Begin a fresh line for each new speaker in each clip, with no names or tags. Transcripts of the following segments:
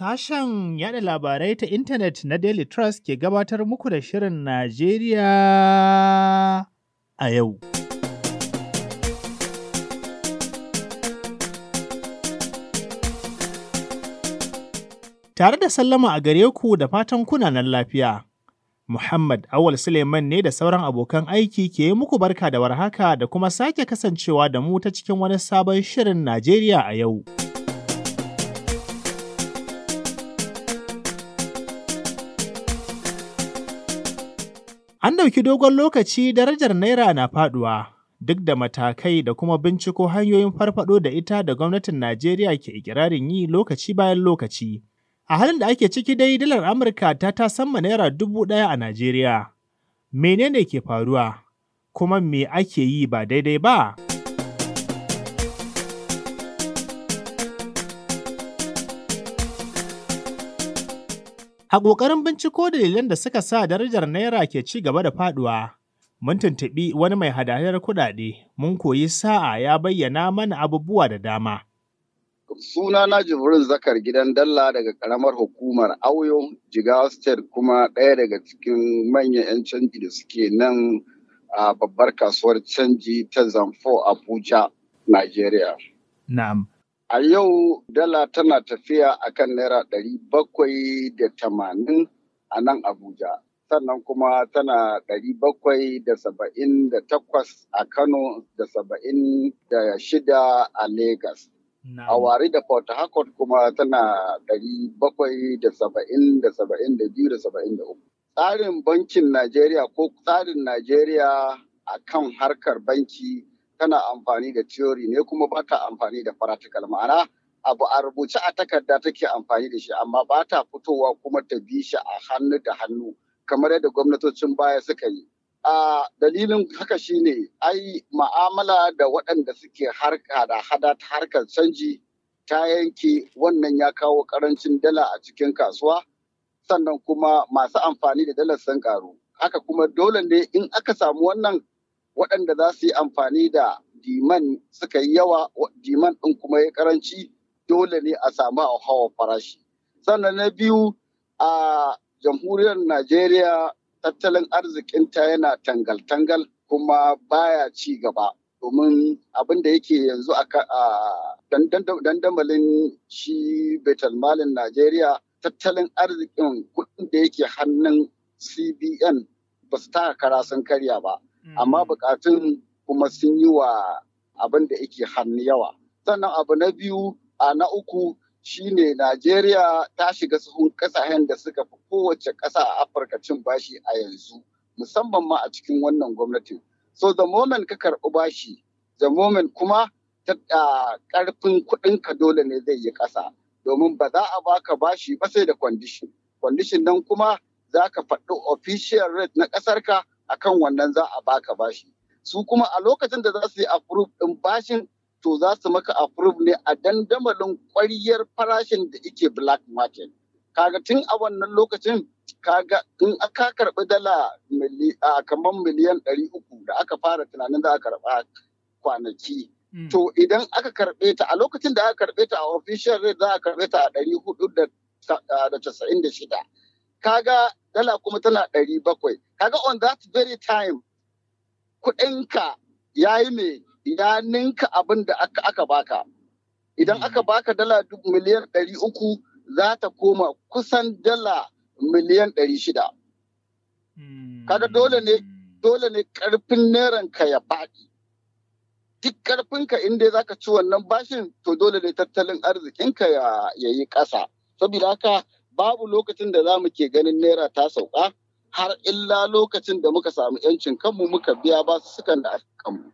Sashen yada labarai ta intanet na Daily Trust ke gabatar muku da Shirin Najeriya a yau. Tare da sallama a gare ku da fatan kunanan lafiya. Muhammad Awal Suleiman ne da sauran abokan aiki ke yi muku barka da warhaka da kuma sake kasancewa da mu ta cikin wani sabon Shirin Najeriya a yau. An ɗauki dogon lokaci darajar Naira na faɗuwa, duk da matakai da kuma binciko hanyoyin farfaɗo da ita da gwamnatin Najeriya ke ikirarin yi lokaci bayan lokaci. A halin da ake ciki dai dalar Amurka ta tasamma Naira dubu ɗaya a Najeriya. Menene ke faruwa? Kuma me ake yi ba daidai ba? A ƙoƙarin binciko dalilan da suka sa darajar Naira ke ci gaba da faɗuwa, mun tuntuɓi wani mai hadayar kuɗaɗe, mun koyi sa'a ya bayyana mana abubuwa da dama.
Suna na Jibrin Zakar gidan Dalla daga ƙaramar hukumar Auyo, Jigawa State kuma ɗaya daga cikin manyan 'yan canji da suke nan a babbar kasuwar canji ta Zamfo Abuja, Najeriya. Na'am. A yau dala tana tafiya akan naira ɗari bakwai da tamanin a nan Abuja. Sannan kuma tana ɗari bakwai da saba'in da takwas a Kano da saba'in da shida a Legas. A wari da Port Harcourt kuma tana ɗari bakwai da saba'in da saba'in da biyu da saba'in da uku. Tsarin bankin Najeriya ko tsarin Najeriya a kan harkar banki tana amfani da theory ne kuma ba ta amfani da practical ma'ana abu a rubuce a takarda take amfani da shi amma ba ta fitowa kuma ta bi shi a hannu da hannu kamar yadda gwamnatocin baya suka yi a dalilin haka shine ai ma'amala da waɗanda suke harka da hada ta harkar canji ta yanke wannan ya kawo karancin dala a cikin kasuwa sannan kuma masu amfani da dala sun karu haka kuma dole ne in aka samu wannan waɗanda za su yi amfani da diman suka yi yawa diman ɗin kuma ya karanci dole ne a samu a hawa farashi sannan na biyu a jamhuriyar najeriya tattalin arzikinta yana tangal-tangal kuma baya ci gaba domin abin da yake yanzu a dandamalin shi betalmalin najeriya tattalin arzikin kuɗin da yake hannun cbn ba su taka kara sun karya ba amma mm-hmm. bukatun kuma sun yi wa abin da yake hannu yawa sannan abu na biyu a na uku shine najeriya ta shiga sahun ƙasashen da suka fi kowace ƙasa a afirka cin bashi a yanzu musamman ma a cikin wannan gwamnatin so the moment ka karɓi bashi the moment kuma ƙarfin kuɗinka dole ne zai yi ƙasa domin ba za a baka bashi ba sai da kwandishin kwandishin nan kuma za ka faɗi official rate na ƙasarka akan wannan za a baka bashi su kuma a lokacin da za su yi approve din bashin to za su maka approve ne a dandamalin ƙwariyar farashin da ike black market kaga tun a wannan lokacin kaga in aka karɓi dala kamar miliyan ɗari da aka fara tunanin za a karba kwanaki hmm. to idan aka karbe ta a lokacin da aka karɓe ta a official rate za a karbe ta a ɗari da casa'in da shida kaga dala kuma tana ɗari bakwai kaga on that very time kuɗinka ya yi mai ya ninka abin da aka baka idan hmm. aka baka dala duk miliyan ɗari uku za ta koma kusan dala miliyan ɗari shida hmm. kaga dole ne dole ne ƙarfin neranka ya faɗi duk ƙarfinka inda za ka ci wannan bashin to dole ne tattalin arzikinka ya yi ƙasa saboda haka babu lokacin da za mu ke ganin naira ta sauka har illa lokacin da muka samu yancin kanmu muka biya ba su sukan da kanmu.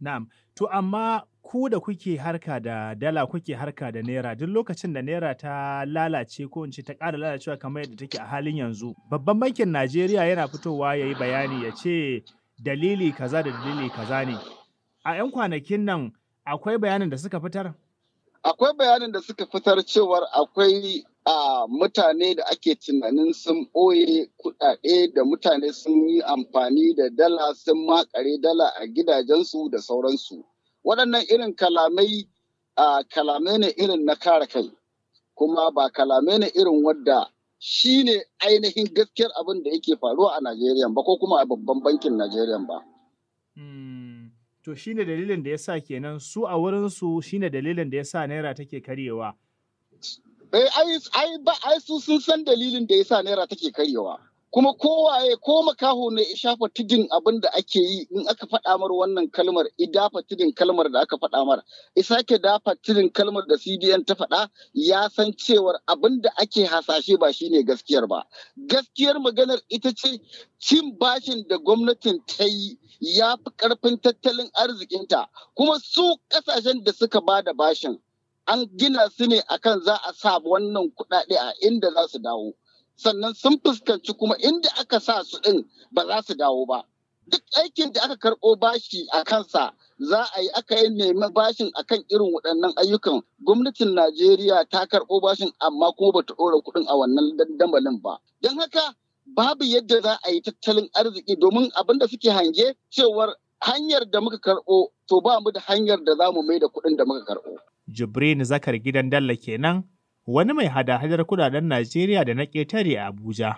Na'am, to amma ku da kuke harka da dala kuke harka da naira duk lokacin da naira ta lalace ko in ce ta ƙara lalacewa kamar yadda take a halin yanzu babban bankin najeriya yana fitowa ya yi bayani ya ce dalili kaza da dalili kaza ne a 'yan kwanakin nan akwai bayanin da suka fitar
akwai bayanin da suka fitar cewar akwai a mutane da ake tunanin sun ɓoye kuɗaɗe da mutane sun yi amfani da dala sun makare dala a gidajensu da sauransu waɗannan irin kalamai a kalamai ne irin na kare kai kuma ba kalamai ne irin wadda shi ne ainihin gaskiyar abin da yake faruwa a najeriya ba ko kuma a babban bankin najeriya ba
hmm, to shi ne dalilin da ya sa kenan su a wurinsu shi ne dalilin da ya sa naira take karyewa
Eh, ai ba ai su sun san dalilin da yasa naira take karyewa kuma kowaye ko makaho ne ya shafa tudin abin da ake yi in aka faɗa mar wannan kalmar i dafa tudin kalmar da aka faɗa mar i sake dafa tudin kalmar da cdn ta faɗa ya san cewar abin da ake hasashe ba shi ne gaskiyar ba gaskiyar maganar ita ce cin bashin da gwamnatin ta yi ya fi ƙarfin tattalin arzikinta kuma su ƙasashen da suka ba da bashin an gina su ne akan za a sa wannan kuɗaɗe a inda za su dawo sannan sun fuskanci kuma inda aka sa su ɗin ba za su dawo ba duk aikin da aka karɓo bashi a kansa za a yi aka yi neman bashin akan irin waɗannan ayyukan gwamnatin najeriya ta karɓo bashin amma kuma ba ta ɗora kuɗin a wannan dandamalin ba don haka babu yadda za a yi tattalin arziki domin abin da suke hange cewar hanyar da muka karɓo to ba mu da hanyar da za mu mai da kuɗin da muka karɓo.
Jibrin Zakar gidan Dalla kenan wani mai hada-hadar kudaden Najeriya da na ƙetare a Abuja.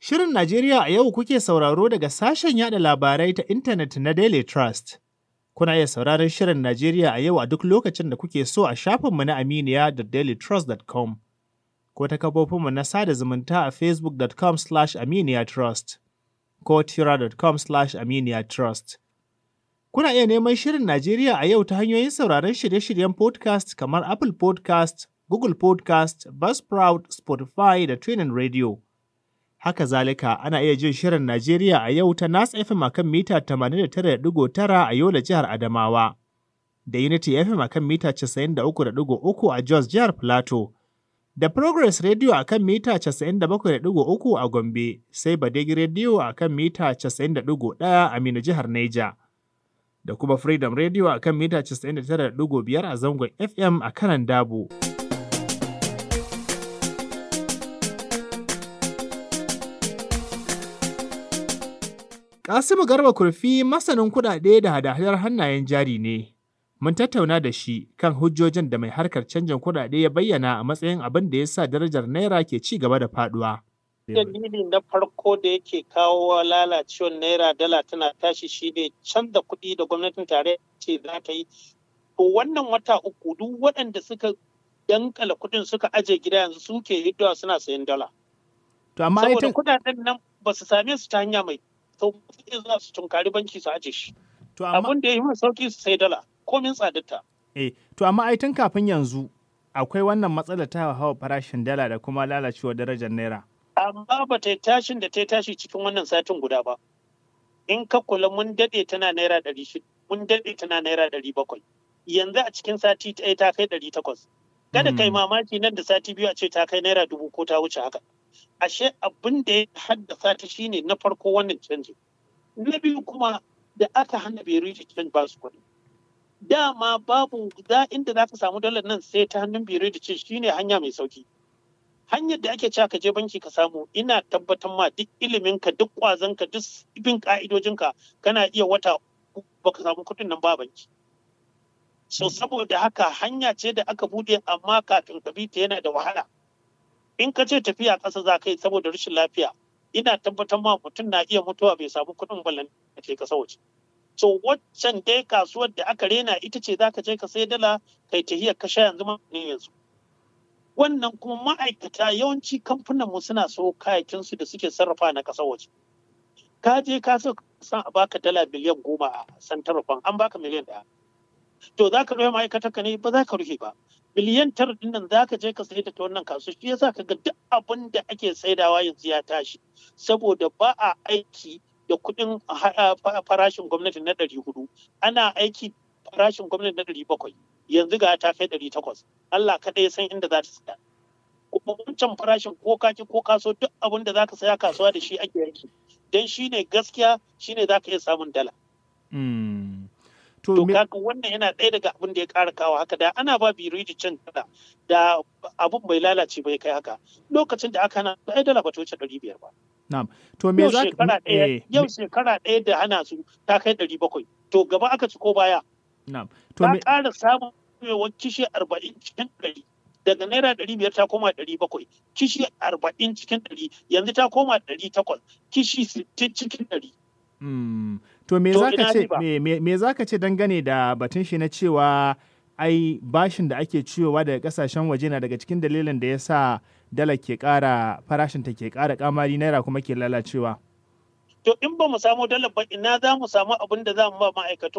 Shirin Najeriya a yau kuke sauraro daga sashen yada labarai ta intanet na Daily Trust. Kuna iya sauraron Shirin Najeriya a yau a duk lokacin da kuke so a shafinmu na aminiya da dailytrust.com ko ta kafofinmu na sada zumunta a facebook.com/aminiya trust. ko tiracom trust Kuna iya neman Shirin Najeriya a yau ta hanyoyin sauraron shirye-shiryen podcast kamar Apple podcast, Google podcast, Buzzsprout, Spotify da Tunin Radio. Haka zalika ana iya jin Shirin Najeriya a yau ta Nas FM a kan mita 89.9 a Yola jihar Adamawa, da Unity FM a kan mita 93.3 a Jos jihar Plateau. da Progress Radio a kan mita 97.3 a Gombe, sai Badegi Radio a kan mita 91.1 a Mina jihar Neja, da kuma Freedom Radio a kan mita 99.5 a zangon FM a kanan Dabo. Kasimu Garba Kurfi masanin kuɗaɗe da hada-hadar hannayen jari ne. Mun tattauna da shi kan hujjojin da mai harkar canjin kuɗaɗe ya bayyana a matsayin abin da ya sa darajar Naira ke ci gaba da faɗuwa.
dalili na farko da yake kawo lalacewar naira dala tana tashi shi ne canza kuɗi da gwamnatin tare ce za ta yi to wannan wata uku duk waɗanda suka yankala kuɗin suka aje gida yanzu suke hiddowa suna sayan dala to amma saboda kuɗaɗen nan ba su same su ta hanya mai sauƙi za su tunkari banki su aje shi to amma abin da ya yi sauƙi su sai dala komin tsadarta. Eh,
to amma ai tun kafin yanzu akwai wannan matsalar ta hawa farashin dala da kuma lalacewa darajar naira.
Amma ba ta tashin da ta tashi cikin wannan satin guda ba. In ka kula mun daɗe tana naira ɗari shida, mun daɗe tana naira ɗari bakwai. Yanzu a cikin sati ɗaya ta kai ɗari takwas. Kada kai hmm. mamaki nan da sati biyu a ce ta kai naira dubu ko ta wuce haka. Ashe abin da ya haddasa ta shine na farko wannan canji. Na biyu kuma da aka hana Beirut canji ba su kuɗi. dama babu da inda za ka samu dalar nan sai ta hannun biro da ce shine hanya mai sauki hanyar da ake cewa ka je banki ka samu ina tabbatar ma duk ilimin ka duk kwazon duk bin ka'idojin ka kana iya wata baka samu kuɗin nan ba banki so saboda haka hanya ce da aka bude amma kafin ka bi ta yana da wahala in ka ce tafiya ƙasa za ka yi saboda rashin lafiya ina tabbatar ma mutum na iya mutuwa bai samu kuɗin ballan da ke ƙasa waje to waccan dai kasuwar da aka rena ita ce za ka je ka sai dala kai tahiyar ka sha yanzu ne yanzu wannan kuma ma'aikata yawanci kamfanin mu suna so kayakin da suke sarrafa na kasar waje ka je ka so san a baka dala miliyan goma a santar fan an baka miliyan ɗaya to za ka rufe ma'aikatar ka ne ba za ka rufe ba miliyan tar din nan za ka je ka sai da ta wannan kasuwa shi yasa ka ga duk abin da ake saidawa yanzu ya tashi saboda ba a aiki da kuɗin farashin gwamnati na ɗari hudu ana aiki farashin gwamnati na ɗari bakwai yanzu ga ta kai ɗari takwas Allah kaɗai san inda za ta tsaya kuma wancan farashin ko kaki ko kaso duk abin da za ka saya kasuwa da shi ake yanki. don shi ne gaskiya shi ne za ka iya samun dala. Hmm. To kaka wannan yana ɗaya daga abin da ya ƙara kawo haka da ana ba da can da abin bai lalace bai kai haka lokacin da aka na ɗaya dala ba ta wuce ɗari biyar ba.
Na'am. To me za ka eh, yau
shekara ɗaya da hana su ta kai ɗari bakwai. To gaba aka ci ko baya. Na'am. To me ƙara samun kishi arba'in cikin ɗari. Daga naira ɗari biyar ta koma ɗari bakwai, kishi arba'in cikin ɗari yanzu ta koma ɗari takwas, kishi sittin cikin ɗari.
Hmm. To me za ka ce dangane da batun shi na cewa ai bashin da ake ciyowa daga kasashen waje na daga cikin dalilin da ya sa dala ke kara farashin ta ke ƙara kamari naira kuma ke lalacewa.
To in ba mu samu dala ba ina za mu samu abin da za mu ba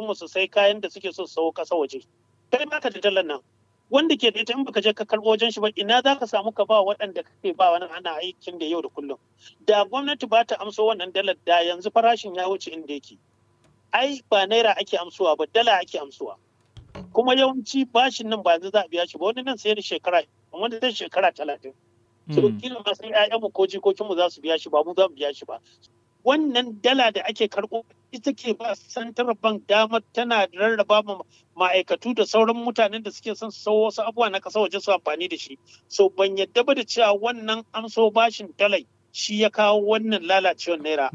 mu su sai kayan da suke so su sau kasa waje. Kai ma ka da dalar nan. Wanda ke da ita in baka je ka karɓo wajen shi ba ina za ka samu ka ba waɗanda kake ba wani ana aikin da yau da kullum. Da gwamnati ba ta amso wannan dalar da yanzu farashin ya wuce inda yake. Ai ba naira ake amsuwa ba dala ake amsuwa. kuma yawanci bashin nan ba yanzu za a biya shi ba wani nan sai da shekara wanda zai shekara talatin so hmm. kila ba sai ƴaƴanmu ko jikokinmu za su biya shi ba mu za mu biya shi ba wannan dala da ake karɓo ita ke ba central bank dama tana rarraba ma ma'aikatu da sauran mutanen da suke son sau wasu abubuwa na ƙasa waje su amfani da shi so ban yadda ba da cewa wannan amso bashin dalai shi ya kawo wannan lalacewar naira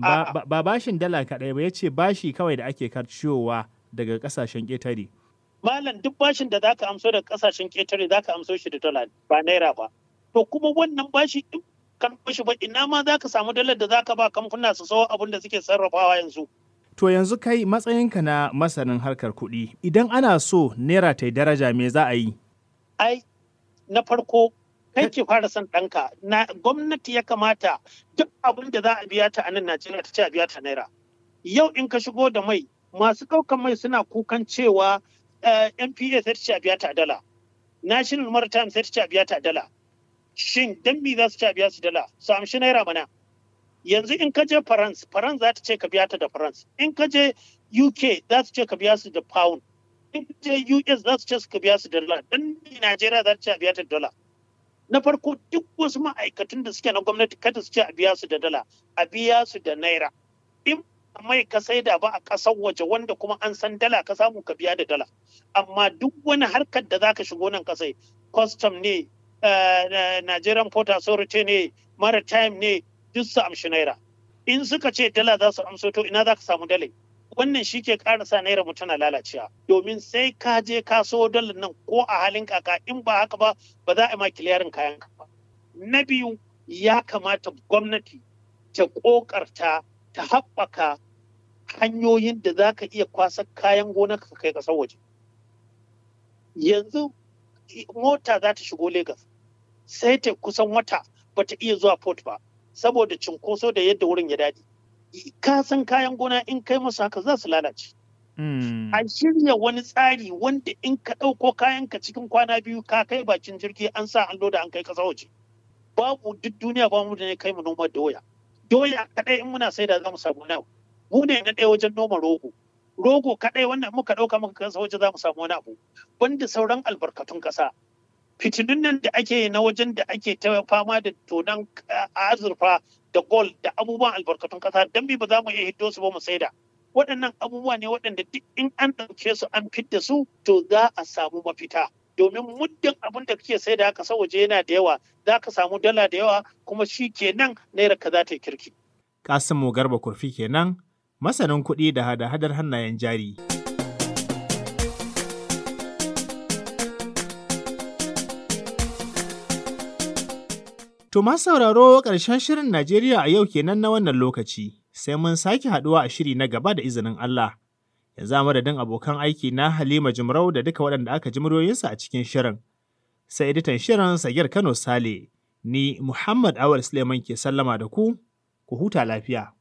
ba bashin dala kaɗai ba ya ce bashi kawai da ake karciyowa daga ƙasashen ƙetare
malam duk bashin da zaka amso da kasashen ketare zaka amso shi da dala ba naira ba to kuma wannan bashi duk kan bashi ba ina ma zaka samu dalar da zaka ba kamfuna su sawo abin da suke sarrafawa yanzu
To yanzu kai matsayinka na masanin harkar kuɗi idan ana so naira ta daraja me za a yi?
Ai, na farko kai ke fara son ɗanka na gwamnati ya kamata duk abin da za a biya ta a nan Najeriya ta ce a biya ta naira. Yau in ka shigo da mai masu ɗaukan mai suna kukan cewa Eh, NPA sai ta ce a biya ta dala. National Maritime sai ta ce a biya ta dala. Shin dan me za su ce a biya su dala? Su amshi naira mana. Yanzu in ka je France, France za ta ce ka biya ta da France. In ka je UK za su ce ka biya su da pound. In ka je US za su ce ka biya su da dala. Dan Najeriya za ta ce a biya ta da dala. na farko duk wasu ma'aikatan da suke na gwamnati kada su ce a biya su da dala a biya su da naira in mai ka saida ba a ƙasar waje wanda kuma an san dala ka samu ka biya da dala amma duk wani harkar da zaka shigo nan kasai custom ne eh, Nigerian Port Authority ne maritime ne duk su amshi naira in suka ce dala za su amso to ina za ka samu dala wannan shi ke sa naira mu tana lalacewa domin sai ka je ka so dalar nan ko a halin kaka in ba haka ba ba za a yi ma kiliyarin kayan ka ba na biyu ya kamata gwamnati ta kokarta ta haɓaka hanyoyin da za ka iya kwasa kayan gona ka kai ƙasar waje yanzu mota za ta shigo Legas sai ta kusan wata ba ta iya zuwa port ba saboda cinkoso da yadda wurin ya dadi ka san kayan gona in kai masu haka za su lalace hmm. a shirya wani tsari wanda in ka ɗauko kayanka cikin kwana biyu ka kai bakin jirgi an sa an loda an kai ƙasa waje babu duk duniya ba mu da ne kai mu noma doya doya kaɗai in muna saida za mu samu nawa mu ne na ɗaya wajen noma rogo rogo kaɗai wannan muka ɗauka muka kansa waje za mu samu wani abu banda sauran albarkatun kasa fitinin nan da ake na wajen da ake ta fama da tonan azurfa da gol da abubuwan albarkatun kasa don bi ba za mu iya hiddo su ba mu saida waɗannan abubuwa ne waɗanda duk in an ɗauke su an fidda su to za a samu mafita domin muddin abin da kake sai da haka sa waje yana da yawa za ka samu dala da yawa kuma shi kenan naira ka za ta yi kirki.
Kasimu Garba Kurfi kenan masanin kuɗi da hada-hadar hannayen jari. Tuma sauraro ƙarshen shirin Najeriya a yau kenan na wannan lokaci, sai mun sake haɗuwa a shiri na gaba da izinin Allah. yanzu a madadin abokan aiki na Halima Jumrau da duka waɗanda aka ji muryoyinsu a cikin shirin. Sai editan shirin Sagir Kano Sale, ni Muhammad Awal Suleiman ke sallama da ku, ku huta lafiya.